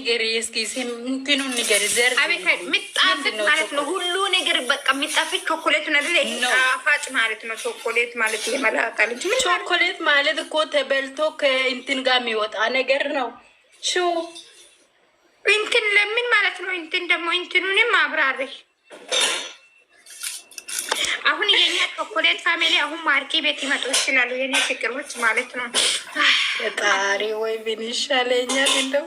ንገሪ እስኪ እንትኑ ንገሪ ዘር ምጣፍጥ ማለት ነው። ሁሉ ነገር በቃ የሚጣፍጥ ቾኮሌት ጣፋጭ ማለት ነው። ቾኮሌት ማለት የመላጣልች ቾኮሌት ማለት እኮ ተበልቶ ከእንትን ጋር የሚወጣ ነገር ነው። ሹ እንትን ለምን ማለት ነው። እንትን ደግሞ እንትኑንም አብራሪ አሁን የኛ ቾኮሌት ፋሚሊ አሁን ማርቂ ቤት ይመጡ ይችላሉ። የኔ ፍቅሮች ማለት ነው። ፈጣሪ ወይ ብን ይሻለኛል እንደው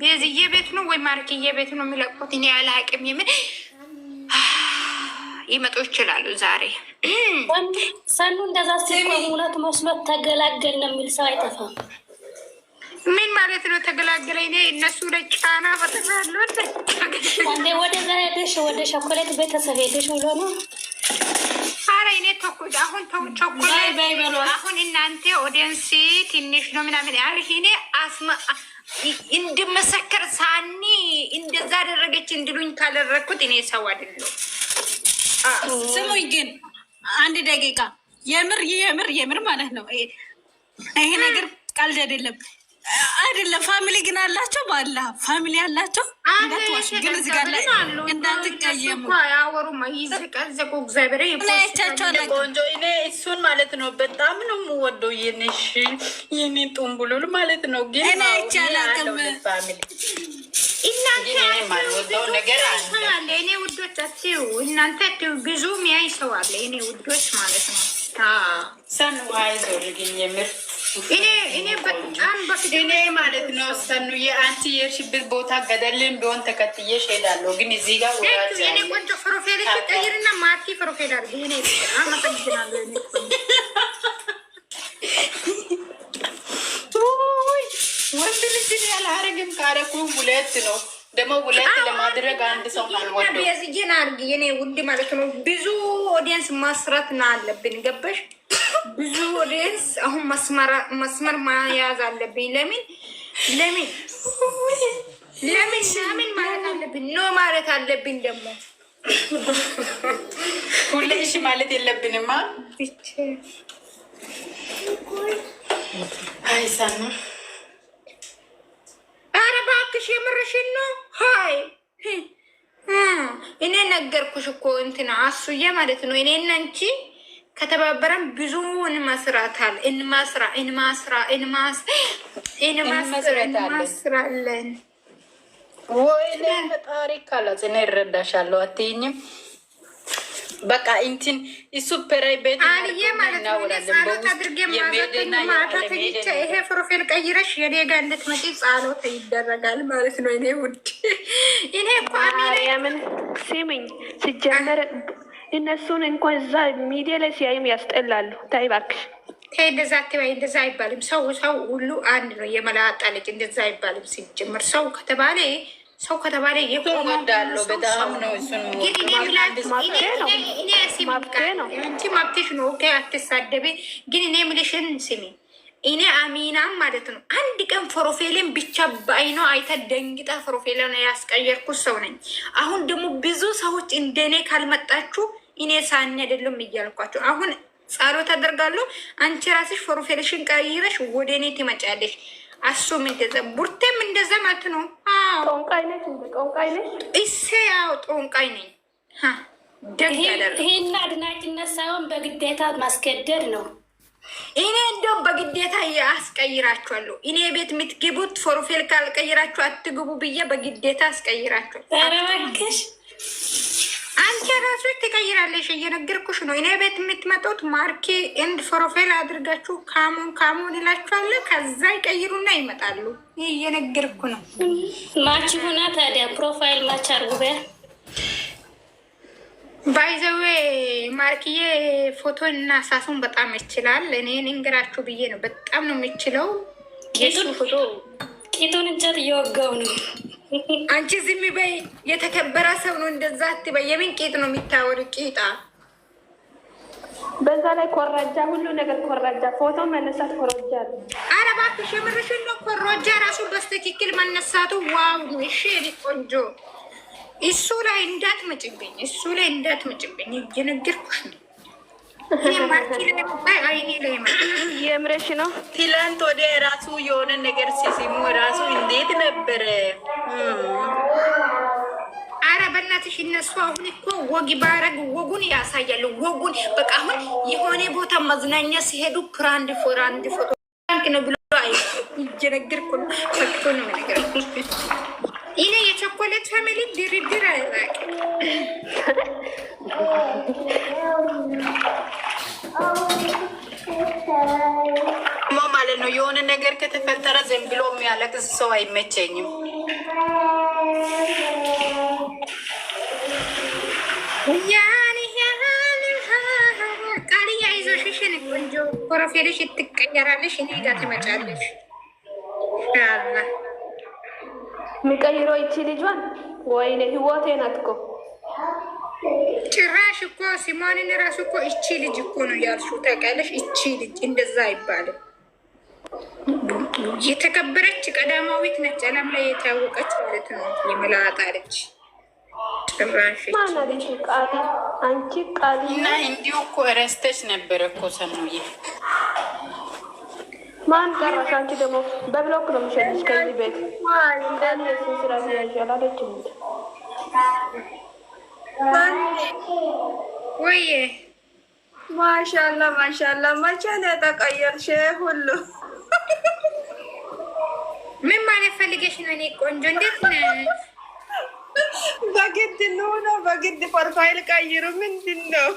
ቤዝዬ ቤት ነው ወይ ማርክዬ ቤት ነው የሚለቁት? እኔ ያለ አቅም የምን ይመጡ ይችላሉ። ዛሬ ሰኑ እንደዛ ሲቆሙለት መስሎት ተገላገል ነው የሚል ሰው አይጠፋም። ምን ማለት ነው ተገላገለ? እኔ እነሱ ለጫና በተባለ ወደ ዛ ሄደሽ ወደ ሸኮሌት ቤተሰብ ሄደሽ ብሎ ነው አሁን ተውቸው። አሁን እናንተ ኦዲየንስ ትንሽ ነው ምናምን ያልሽ እኔ እንድመሰከር ሳኒ እንደዛ አደረገች እንድሉኝ ካደረግኩት እኔ ሰው አይደለሁም። ስሙኝ ግን አንድ ደቂቃ የምር የምር የምር ማለት ነው ይሄ ነገር ቀልድ አይደለም። አይደለም ፋሚሊ ግን አላቸው። ባላ ፋሚሊ አላቸው። እንዳትዋሽ ግን እንዳትቀየሙ እሱን ማለት ነው። በጣም ነው የምወደው የነሽ የኔ ጡንብሉል ማለት ነው። ግን እኔ ውዶች እኔ ውዶቻችሁ እናንተ ብዙ ሚያይ ሰው አለ። እኔ ውዶች ማለት ነው ሰንዋይ ዞርግኝ ልግኝ የምር እኔ ማለት ነው ሰኑ አንቺ የሄድሽበት ቦታ ገደልን ቢሆን ተከትዬሽ እሄዳለሁ፣ ግን እዚህ ጋር ወንድ ልጅ ያላረግም ካረኩ ሁለት ነው። ደግሞ ሁለት ለማድረግ አንድ ሰው አልወደው የኔ ውድ ማለት ነው። ብዙ ኦዲየንስ ማስራት ና አለብን ገበሽ ብዙ ኦዲየንስ አሁን መስመር መያዝ አለብኝ። ለምን ለምን ለምን ለምን ማለት አለብኝ ኖ ማለት አለብኝ። ደግሞ ሁሌ እሺ ማለት የለብንማ። አይሳና ኧረ እባክሽ የምርሽን ነው? ሀይ እኔ ነገርኩሽ እኮ እንትን አሱዬ ማለት ነው እኔና አንቺ ከተባበረን ብዙውን መስራታል እንማስራ እንማስራ እንማስራለን። ወይኔ ፈጣሪ ካላት እኔ እረዳሻለሁ አትይኝም። በቃ እንትን እሱ ፕራይቬት አንዬ ማለት ነው። ጸሎት አድርጌ ማዘጠኝ ማታ ተኝቼ ይሄ ፕሮፌል ቀይረሽ የኔጋ እንድትመጪ ጸሎት ይደረጋል ማለት ነው። እኔ ውድ እኔ እኮ አሚን ስሚኝ ሲጀመር እነሱን እንኳን እዛ ሚዲያ ላይ ሲያይም ያስጠላሉ። ታይ እባክሽ ተይ፣ እንደዛ አትበይ፣ እንደዛ አይባልም። ሰው ሰው ሁሉ አንድ ነው። የመላጣ ልጅ እንደዛ አይባልም። ሲጀምር ሰው ከተባለ ሰው ከተባለ ይቆማዳለሁ። በጣም ነው መብትሽ ነው። ኦኬ አትሳደቢ። ግን እኔ ምልሽን ስሚ። እኔ አሚናም ማለት ነው አንድ ቀን ፕሮፌልን ብቻ በአይኖ አይተ ደንግጣ ፕሮፌልን ያስቀየርኩት ሰው ነኝ። አሁን ደግሞ ብዙ ሰዎች እንደኔ ካልመጣችሁ እኔ ሳኒ አይደለም እያልኳቸው አሁን ጸሎት አደርጋለሁ። አንቺ ራስሽ ፕሮፌሽን ቀይረሽ ወደ እኔ ትመጫለሽ። አሱም እንደዛ ቡርቴም እንደዛ ማለት ነው። ጦንቃይ ነች፣ ጦንቃይ ነች። እሴ ያው ጦንቃይ ነኝ። ይሄን አድናቂነት ሳይሆን በግዴታ ማስገደድ ነው። እኔ እንደው በግዴታ አስቀይራችኋለሁ። እኔ ቤት የምትገቡት ፕሮፌል ካልቀይራችሁ አትግቡ ብዬ በግዴታ አስቀይራችኋል። ኧረ እባክሽ አንቺ ራሶች ትቀይራለሽ። እየነገርኩሽ ነው። እኔ ቤት የምትመጡት ማርኬ ኤንድ ፕሮፋይል አድርጋችሁ ካሞን ካሞን ይላችኋለ። ከዛ ይቀይሩና ይመጣሉ። ይህ እየነገርኩ ነው። ማች ሆና ታዲያ ፕሮፋይል ማች አርጉ። ባይዘዌ ማርክዬ ፎቶ እና ሳሱን በጣም ይችላል። እኔን እንግራችሁ ብዬ ነው። በጣም ነው የሚችለው። ጌጡን እንጨት እየወጋው ነው አንቺ ዝም በይ። የተከበረ ሰው ነው እንደዛ አትበይ። የምን ቂጥ ነው የሚታወር? ቂጣ በዛ ላይ ኮረጃ፣ ሁሉ ነገር ኮረጃ፣ ፎቶ መነሳት ኮረጃ። አረ እባክሽ የምርሽን ነው። ኮረጃ ራሱ በስትክክል መነሳቱ ዋው! እሺ ቆንጆ። እሱ ላይ እንዳትመጭብኝ፣ እሱ ላይ እንዳትመጭብኝ፣ እየነገርኩሽ ነው የምረሽ ነው። ትላንት ወደ ራሱ የሆነ ነገር ሲሲሙ ራሱ እንዴት ነበረ? አረ በእናትሽ እነሱ አሁን እኮ ወግ ባረግ ወጉን ያሳያሉ። ወጉን በቃ አሁን የሆነ ቦታ መዝናኛ ሲሄዱ ፕራንድ ፎራንድ ፎቶ ነው ብሎ አይ ይጀነግር ነው ነገር ይኔ የቸኮሌት ፋሚሊ ድርድር አያውቅም። ሞ ማለት ነው የሆነ ነገር ከተፈጠረ ዝም ብሎ የሚያለቅስ ሰው አይመቸኝም። ቃልያ ይዞሽሽን ቆንጆ ፕሮፌልሽ ትቀየራለሽ፣ እኔ ጋ ትመጫለሽ። የሚቀይረው ይቺ ልጇን ወይኔ ህይወቴ ናት እኮ ጭራሽ እኮ ሲሞንን ራሱ እኮ እቺ ልጅ እኮ ነው ያልሽው። ታውቂያለሽ፣ እቺ ልጅ እንደዛ አይባልም። የተከበረች ቀዳማዊት ነች፣ አለም ላይ የታወቀች ማለት ነው። የመላጣ ጭራሽ አንቺ ቃል እና እንዲሁ እኮ እረስተች ነበር እኮ ሰኑዬ ማን ቀረሽ? አንቺ ደግሞ በብሎክ ነው የምሸጥሽ ከዚህ ቤት ውይ ማሻላ ማሻላ፣ መቼ ነው የተቀየርሽ? ሁሉ ምን ማለት ፈልገሽ ነው? እኔ ቆንጆ እንዴት ነሽ? በግድ ነው በግድ ፕሮፋይል ቀይሩ። ምንድን ነው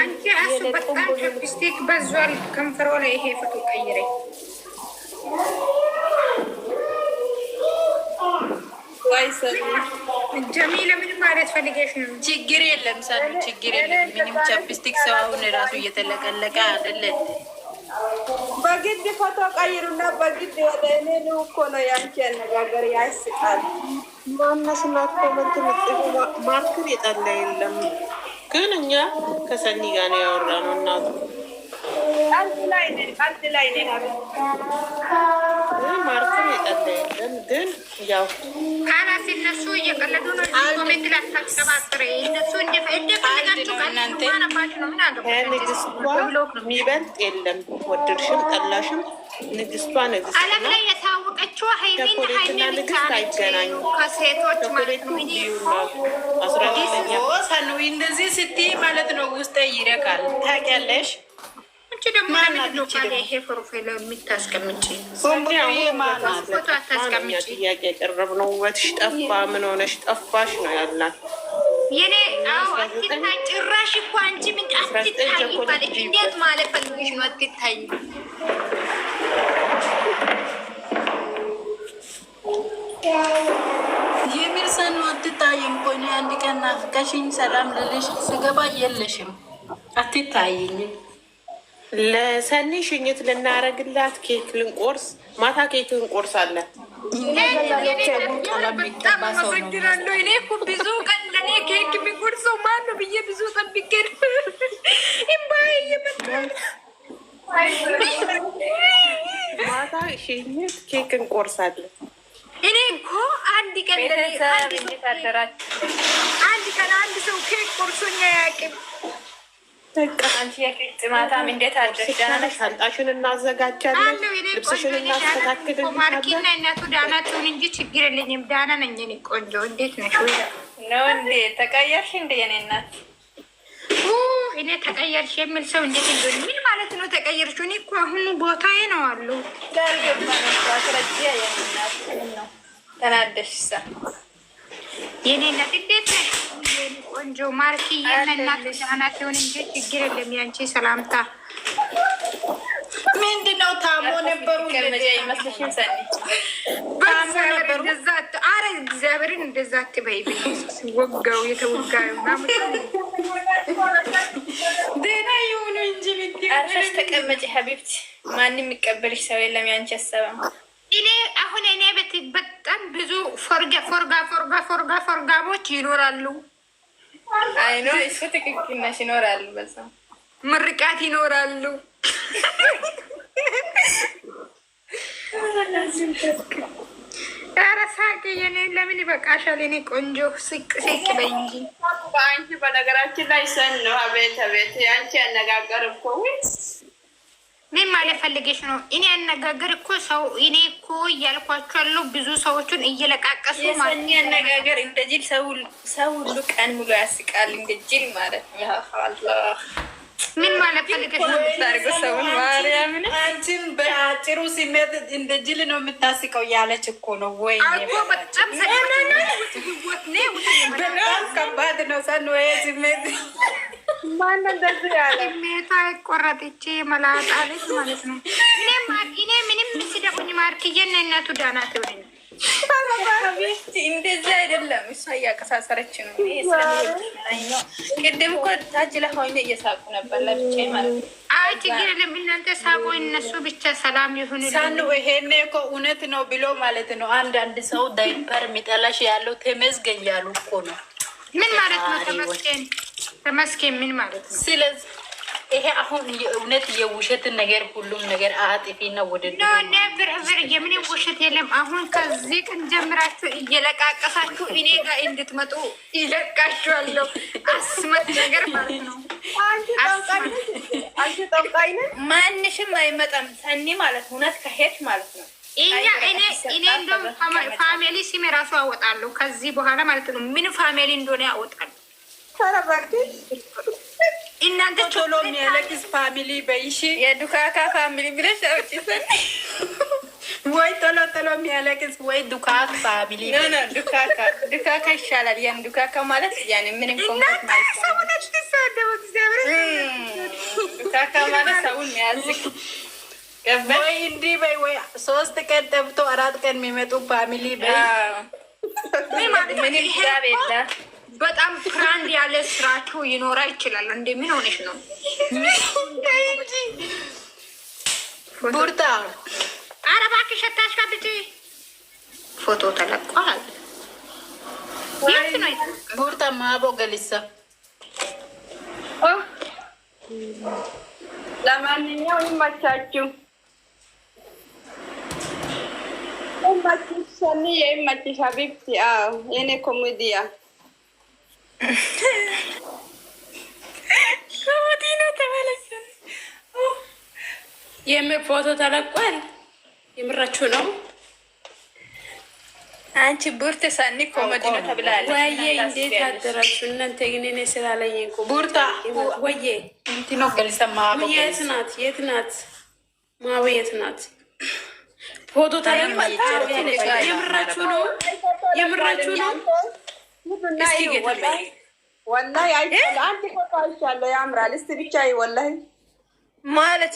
አንቺ አሱ በጣም ቻፕስቲክ በዟል ከንፈሮ ላይ ይሄ ፎቶ ቀይረኝ። ጀሚላ ምንም ማለት ፈልገሽ ነው? ችግር የለም ሳሉ ችግር የለም ምንም ቻፕስቲክ ሰው አሁን ራሱ እየተለቀለቀ አይደለ? በግድ ፎቶ ቀይሩና በግድ ወደ እኔ ነው እኮ ነው ያንቺ አነጋገር ያስቃል። ማነስናት ማርክር የጠላ የለም ግን እኛ ከሰኒ ጋር ነው ያወራነው። እናቱ ማርክም የጠለ የለም ግን ያው ካላስ እነሱ እየቀለዱ ነው። ኮሜንት ላይ እነሱ ንግስቷ የሚበልጥ የለም። ወደድሽም ጠላሽም ንግስቷ ንግስት ነው። እንደዚህ ስትይ ማለት ነው ውስጤ ይረካል። ታውቂያለሽ ጥያቄ ያቀረብነው ውበትሽ ጠፋ፣ ምን ሆነሽ ጠፋሽ ነው ያልናት። የኔ አትታይ ጭራሽ እኮ አንቺ ምን አትታይ ይባለች። እንዴት ማለት ፈልግሽ ነው አትታይ የሚርሰን አትታይም። ቆይ አንድ ቀን ናፍቀሽኝ ሰላም ልልሽ ስገባ የለሽም፣ አትታይኝም። ለሰኒ ሽኝት ልናረግላት ኬክ ልንቆርስ ማታ ኬክ እንቆርሳለን። በጣም አመሰግናለሁ። እኔ እኮ ብዙ ቀን ለእኔ ኬክ የሚቆርሰው ማነው ብዬ ብዙ ጠብቄ እምባዬ እየመጣ ማታ ሽኝት ኬክ እንቆርሳለን። እኔ እኮ አንድ ቀን አንድ ቀን አንድ ሰው ኬክ ቆርሶኛ ያቅም ጥማታም እንዴት አድረሽ ደህና ነሽ? ሻንጣሽን እናዘጋጃለን፣ ልብስሽን እናስተካክልን። ማርኪና እናቱ ዳና ትሁን እንጂ ችግር የለኝም። ዳና ነኝ እኔ ቆንጆ። እንዴት ነሽ? ነው እንዴ ተቀየርሽ? እንደ የኔ እናት እኔ ተቀየርሽ የሚል ሰው እንዴት እንደሆነ ምን ማለት ነው? ተቀየርሽ? እኔ እኮ አሁኑ ቦታዬ ነው አሉ ተናደሽሳ የኔነት እንዴት ቆንጆ ማርኪ የመናት ህጻናት ሆን እንጂ ችግር የለም። ያንቺ ሰላምታ ምንድነው? ታሞ ነበሩ ይመስልሽ? ሰኒ ታሞ ነበሩ። ኧረ እግዚአብሔርን እንደዛ አትበይ። ወጋው የተወጋ ደህና የሆኑ እንጂ አርፈሽ ተቀመጪ ሀቢብት። ማንም የሚቀበልሽ ሰው የለም። ያንቺ አሰበም እኔ አሁን እኔ ቤት በጣም ብዙ ፎርጋ ፎርጋ ፎርጋ ፎርጋ ፎርጋቦች ይኖራሉ። አይኖ እሱ ትክክል ነሽ። ይኖራሉ፣ በዛ ምርቃት ይኖራሉ። ጥያቄ የኔ ለምን ይበቃሻል? እኔ ቆንጆ ስቅ ስቅ በይ በአንቺ በነገራችን ላይ ሰን ነው። አቤት አቤት፣ አንቺ ያነጋገር እኮ ምን ማለት ፈልገሽ ነው? እኔ አነጋገር እኮ ሰው እኔ እኮ እያልኳቸው ያለው ብዙ ሰዎቹን እየለቃቀሱ ማለት ነው። እንደ ጅል ሰው ሁሉ ቀን ሙሉ ያስቃል። እንደ ጅል ማለት ነው። ምን ማለት ፈልገሽ ነው የምታደርገው? ሰውን ማርያምን፣ አንቺን በአጭሩ ስሜት እንደ ጅል ነው የምታስቀው ያለች እኮ ነው። ወይ በጣም ከባድ ነው መላጣለች ማለት ነው። እኔ ምንም ዳናት አይደለም እሷ እያቀሳሰረች ነው። ቅድም እኮ ታች ላይ ሆኜ እየሳቁ ነበር ለብቻ ማለት ነው። አይ ችግር የለም እናንተ ሳቁ፣ እነሱ ብቻ ሰላም ይሁን። ሳን ይሄኔ እኮ እውነት ነው ብሎ ማለት ነው። አንዳንድ ሰው ዳይፐር የሚጠላሽ ያለው ተመዝገን ያሉ እኮ ነው። ምን ማለት ነው? ተመስገን ተመስገን ምን ማለት ነው? ስለዚህ ይሄ አሁን እውነት የውሸት ነገር ሁሉም ነገር አጥፊና ወደ ነብር ብር የምን ውሸት የለም። አሁን ከዚህ ቀን ጀምራችሁ እየለቃቀሳችሁ እኔ ጋር እንድትመጡ ይለቃችኋለሁ። አስመት ነገር ማለት ነው። ማንሽም አይመጣም። ሰኒ ማለት እውነት ከሄድ ማለት ነው። እኔ እንደውም ፋሚሊ ሲም ራሱ አወጣለሁ ከዚህ በኋላ ማለት ነው። ምን ፋሚሊ እንደሆነ ያወጣል እናንተ ቶሎ የሚያለቅስ ፋሚሊ በይሽ የዱካካ ፋሚሊ ብለሽ አውጪሰን ወይ ቶሎ ቶሎ የሚያለቅስ ወይ ዱካክ ፋሚሊ ዱካካ ዱካካ ይሻላል። ያን ዱካካ ማለት ያን ምንም ሰውነች ሳደበ እግዚአብሔር ዱካካ ማለት ሰውን ያዝግ ወይ እንዲህ በይ ወይ ሶስት ቀን ጠብቶ አራት ቀን የሚመጡ ፋሚሊ በይ ምንም ዛብ የለ በጣም ፍራንድ ያለ ስራችሁ ይኖራ ይችላል። እንደምን ሆነሽ ነው ቡርታ? ኧረ እባክሽ አታሽቃብጪ። ፎቶ ተለቋል። ነው ቡርታ ማቦ ገሊሳ። ለማንኛውም ይመቻችሁ፣ ይመችሽ ሰኒ፣ ይመችሽ ሀቢብቲ። አዎ የኔ ኮሜዲያ የምር ፎቶ ተለቋል። የምራችሁ ነው። አንቺ ቡርት ሳኒ ኮመዲ ነው ተብላለች። ወይዬ እንዴት አደራችሁ እናንተ? ግን እኔ ስላለኝ እኮ ቡርታ ወይዬ እንትን ገልሰማ። የት ናት? የት ናት? ማዊ የት ናት? ፎቶ ተለቋል። የምራችሁ ነው። የምራችሁ ነው። ወላሂ አይቻልም። አንድ ፎቶ አይቻለሁ፣ ያምራል። እስቲ ብቻ ወላሂ ማለት